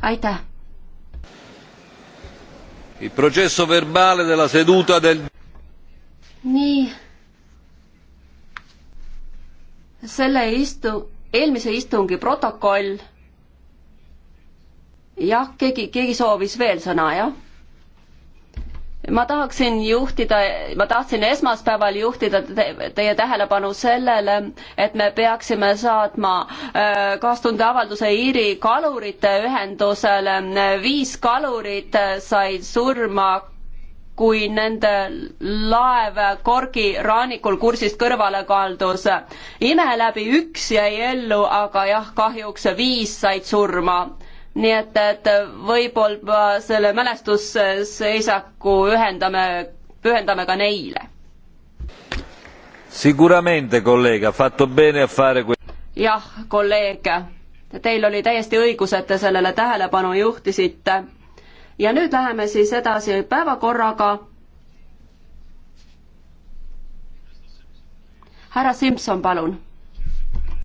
aitäh! il processo verbale della seduta del nii selle istu- eelmise istungi protokoll jah keegi keegi soovis veel sõna jah ma tahaksin juhtida, ma tahtsin esmaspäeval juhtida te, teie tähelepanu sellele, et me peaksime saatma äh, kaastundeavalduse Iiri kalurite ühendusele. viis kalurit said surma kui nende laev Korgi rannikul kursist kõrvale kaldus. ime läbi üks jäi ellu, aga jah, kahjuks viis said surma nii et, et võib-olla selle mälestusseisaku ühendame, pühendame ka neile. jah, kolleeg, teil oli täiesti õigus, et te sellele tähelepanu juhtisite. ja nüüd läheme siis edasi päevakorraga. härra Simson, palun